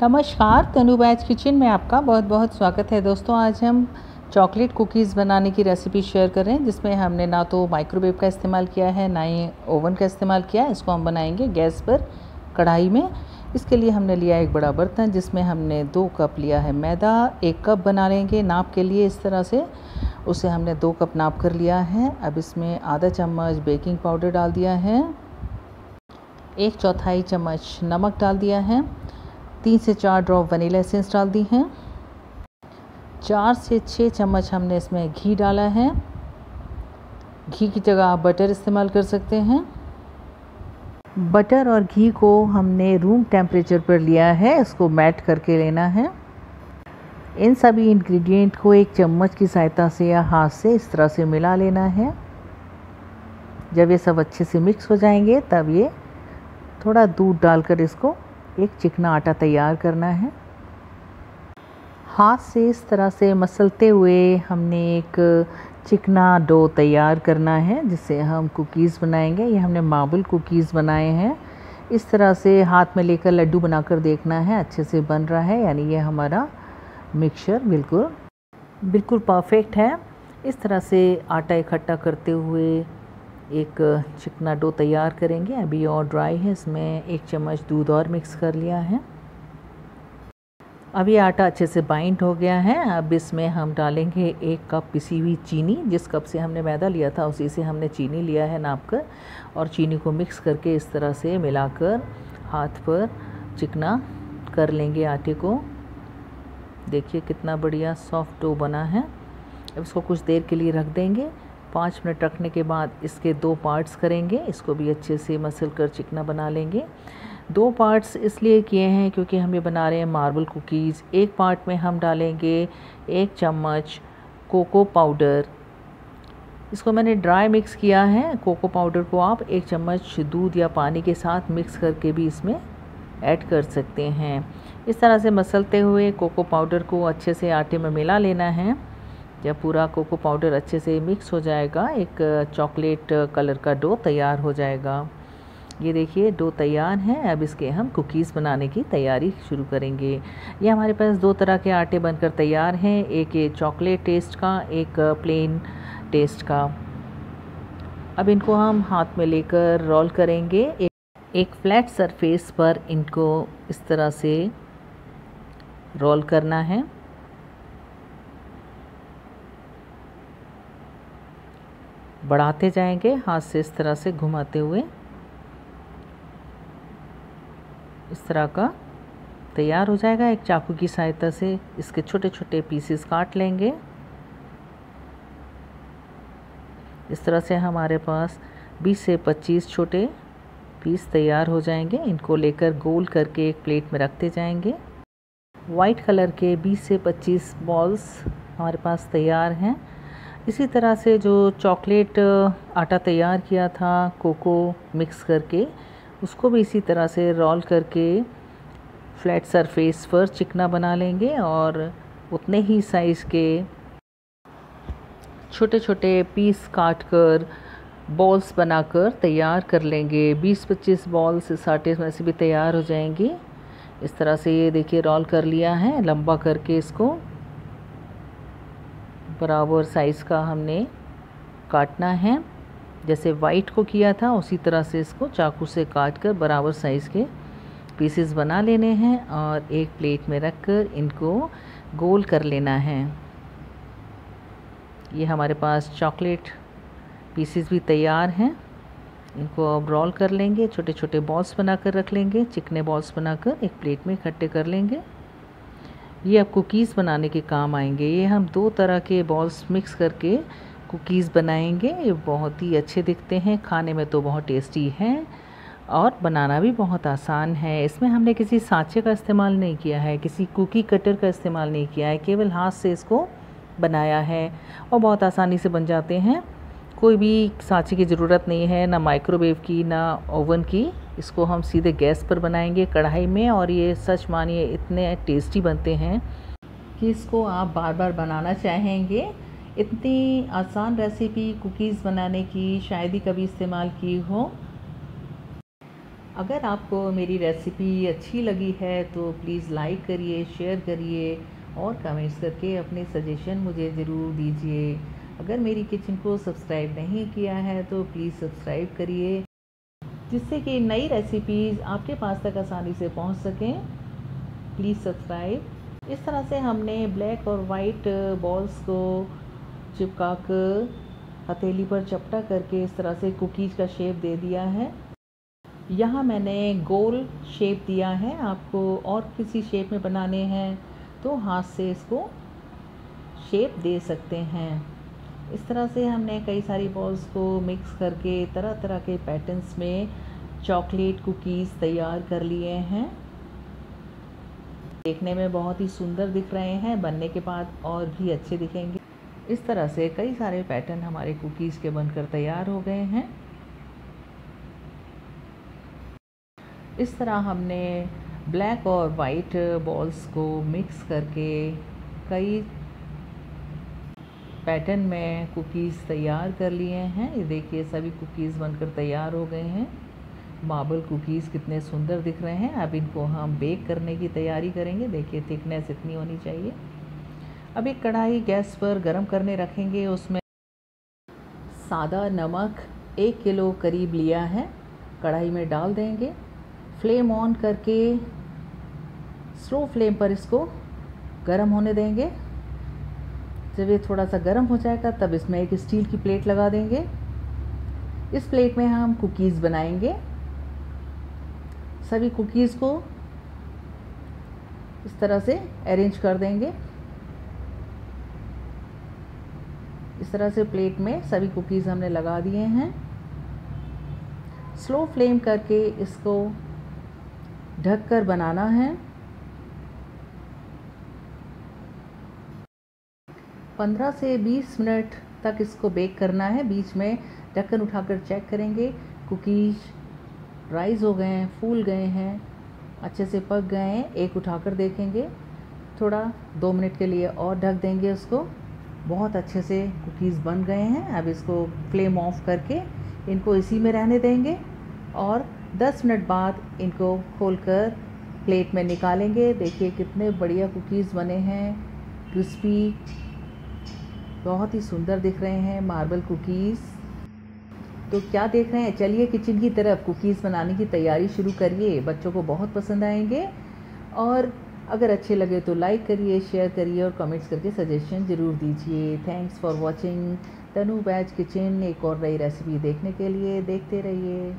नमस्कार Tanu batch kitchen में आपका बहुत बहुत स्वागत है दोस्तों आज हम चॉकलेट कुकीज़ बनाने की रेसिपी शेयर कर रहे हैं जिसमें हमने ना तो माइक्रोवेव का इस्तेमाल किया है ना ही ओवन का इस्तेमाल किया है इसको हम बनाएंगे गैस पर कढ़ाई में इसके लिए हमने लिया एक बड़ा बर्तन जिसमें हमने दो कप लिया है मैदा एक कप बना लेंगे नाप के लिए इस तरह से उसे हमने दो कप नाप कर लिया है अब इसमें आधा चम्मच बेकिंग पाउडर डाल दिया है एक चौथाई चम्मच नमक डाल दिया है तीन से चार ड्रॉप वनीला एसेंस डाल दी हैं चार से छः चम्मच हमने इसमें घी डाला है घी की जगह आप बटर इस्तेमाल कर सकते हैं बटर और घी को हमने रूम टेम्परेचर पर लिया है इसको मैट करके लेना है इन सभी इंग्रेडिएंट को एक चम्मच की सहायता से या हाथ से इस तरह से मिला लेना है जब ये सब अच्छे से मिक्स हो जाएंगे तब ये थोड़ा दूध डालकर इसको एक चिकना आटा तैयार करना है हाथ से इस तरह से मसलते हुए हमने एक चिकना डो तैयार करना है जिससे हम कुकीज़ बनाएंगे ये हमने मार्बल कुकीज़ बनाए हैं इस तरह से हाथ में लेकर लड्डू बनाकर देखना है अच्छे से बन रहा है यानी ये हमारा मिक्सचर बिल्कुल बिल्कुल परफेक्ट है इस तरह से आटा इकट्ठा करते हुए एक चिकना डो तैयार करेंगे अभी और ड्राई है इसमें एक चम्मच दूध और मिक्स कर लिया है अब ये आटा अच्छे से बाइंड हो गया है अब इसमें हम डालेंगे एक कप पिसी हुई चीनी जिस कप से हमने मैदा लिया था उसी से हमने चीनी लिया है नाप कर और चीनी को मिक्स करके इस तरह से मिलाकर हाथ पर चिकना कर लेंगे आटे को देखिए कितना बढ़िया सॉफ्ट डो बना है अब इसको कुछ देर के लिए रख देंगे पाँच मिनट रखने के बाद इसके दो पार्ट्स करेंगे इसको भी अच्छे से मसल कर चिकना बना लेंगे दो पार्ट्स इसलिए किए हैं क्योंकि हम ये बना रहे हैं मार्बल कुकीज़ एक पार्ट में हम डालेंगे एक चम्मच कोको पाउडर इसको मैंने ड्राई मिक्स किया है कोको पाउडर को आप एक चम्मच दूध या पानी के साथ मिक्स करके भी इसमें ऐड कर सकते हैं इस तरह से मसलते हुए कोको पाउडर को अच्छे से आटे में मिला लेना है जब पूरा कोको पाउडर अच्छे से मिक्स हो जाएगा एक चॉकलेट कलर का डो तैयार हो जाएगा ये देखिए डो तैयार हैं अब इसके हम कुकीज़ बनाने की तैयारी शुरू करेंगे ये हमारे पास दो तरह के आटे बनकर तैयार हैं एक ये चॉकलेट टेस्ट का एक प्लेन टेस्ट का अब इनको हम हाथ में लेकर रोल करेंगे एक, एक फ्लैट सरफेस पर इनको इस तरह से रोल करना है बढ़ाते जाएंगे हाथ से इस तरह से घुमाते हुए इस तरह का तैयार हो जाएगा एक चाकू की सहायता से इसके छोटे छोटे पीसेस काट लेंगे इस तरह से हमारे पास 20 से 25 छोटे पीस तैयार हो जाएंगे इनको लेकर गोल करके एक प्लेट में रखते जाएंगे वाइट कलर के 20 से 25 बॉल्स हमारे पास तैयार हैं इसी तरह से जो चॉकलेट आटा तैयार किया था कोको मिक्स करके उसको भी इसी तरह से रोल करके फ्लैट सरफेस पर चिकना बना लेंगे और उतने ही साइज़ के छोटे छोटे पीस काट कर बॉल्स बनाकर तैयार कर लेंगे 20-25 बॉल्स इस आटे में से भी तैयार हो जाएंगी इस तरह से ये देखिए रोल कर लिया है लंबा करके इसको बराबर साइज़ का हमने काटना है जैसे वाइट को किया था उसी तरह से इसको चाकू से काट कर बराबर साइज़ के पीसेस बना लेने हैं और एक प्लेट में रख कर इनको गोल कर लेना है ये हमारे पास चॉकलेट पीसेस भी तैयार हैं इनको अब रोल कर लेंगे छोटे छोटे बॉल्स बनाकर रख लेंगे चिकने बॉल्स बनाकर एक प्लेट में इकट्ठे कर लेंगे ये आप कुकीज़ बनाने के काम आएंगे ये हम दो तरह के बॉल्स मिक्स करके कुकीज़ बनाएंगे ये बहुत ही अच्छे दिखते हैं खाने में तो बहुत टेस्टी हैं और बनाना भी बहुत आसान है इसमें हमने किसी सांचे का इस्तेमाल नहीं किया है किसी कुकी कटर का इस्तेमाल नहीं किया है केवल हाथ से इसको बनाया है और बहुत आसानी से बन जाते हैं कोई भी सांचे की ज़रूरत नहीं है ना माइक्रोवेव की ना ओवन की इसको हम सीधे गैस पर बनाएंगे कढ़ाई में और ये सच मानिए इतने टेस्टी बनते हैं कि इसको आप बार बार बनाना चाहेंगे इतनी आसान रेसिपी कुकीज़ बनाने की शायद ही कभी इस्तेमाल की हो अगर आपको मेरी रेसिपी अच्छी लगी है तो प्लीज़ लाइक करिए शेयर करिए और कमेंट्स करके अपने सजेशन मुझे ज़रूर दीजिए अगर मेरी किचन को सब्सक्राइब नहीं किया है तो प्लीज़ सब्सक्राइब करिए जिससे कि नई रेसिपीज़ आपके पास तक आसानी से पहुंच सकें प्लीज़ सब्सक्राइब इस तरह से हमने ब्लैक और वाइट बॉल्स को चिपका कर हथेली पर चपटा करके इस तरह से कुकीज़ का शेप दे दिया है यहाँ मैंने गोल शेप दिया है आपको और किसी शेप में बनाने हैं तो हाथ से इसको शेप दे सकते हैं इस तरह से हमने कई सारी बॉल्स को मिक्स करके तरह तरह के पैटर्न्स में चॉकलेट कुकीज़ तैयार कर लिए हैं देखने में बहुत ही सुंदर दिख रहे हैं बनने के बाद और भी अच्छे दिखेंगे इस तरह से कई सारे पैटर्न हमारे कुकीज़ के बनकर तैयार हो गए हैं इस तरह हमने ब्लैक और वाइट बॉल्स को मिक्स करके कई पैटर्न में कुकीज़ तैयार कर लिए हैं ये देखिए सभी कुकीज़ बनकर तैयार हो गए हैं मार्बल कुकीज़ कितने सुंदर दिख रहे हैं अब इनको हम बेक करने की तैयारी करेंगे देखिए थिकनेस इतनी होनी चाहिए अब एक कढ़ाई गैस पर गर्म करने रखेंगे उसमें सादा नमक एक किलो करीब लिया है कढ़ाई में डाल देंगे फ्लेम ऑन करके स्लो फ्लेम पर इसको गर्म होने देंगे जब ये थोड़ा सा गर्म हो जाएगा तब इसमें एक स्टील की प्लेट लगा देंगे इस प्लेट में हम कुकीज़ बनाएंगे सभी कुकीज़ को इस तरह से अरेंज कर देंगे इस तरह से प्लेट में सभी कुकीज़ हमने लगा दिए हैं स्लो फ्लेम करके इसको ढककर बनाना है 15 से 20 मिनट तक इसको बेक करना है बीच में ढक्कन उठाकर चेक करेंगे कुकीज राइज हो गए हैं फूल गए हैं अच्छे से पक गए हैं एक उठाकर देखेंगे थोड़ा दो मिनट के लिए और ढक देंगे उसको बहुत अच्छे से कुकीज़ बन गए हैं अब इसको फ्लेम ऑफ करके इनको इसी में रहने देंगे और 10 मिनट बाद इनको खोलकर प्लेट में निकालेंगे देखिए कितने बढ़िया कुकीज़ बने हैं क्रिस्पी बहुत ही सुंदर दिख रहे हैं मार्बल कुकीज़ तो क्या देख रहे हैं चलिए किचन की तरफ कुकीज़ बनाने की तैयारी शुरू करिए बच्चों को बहुत पसंद आएंगे और अगर अच्छे लगे तो लाइक करिए शेयर करिए और कमेंट्स करके सजेशन ज़रूर दीजिए thanks for watching Tanu batch kitchen एक और नई रेसिपी देखने के लिए देखते रहिए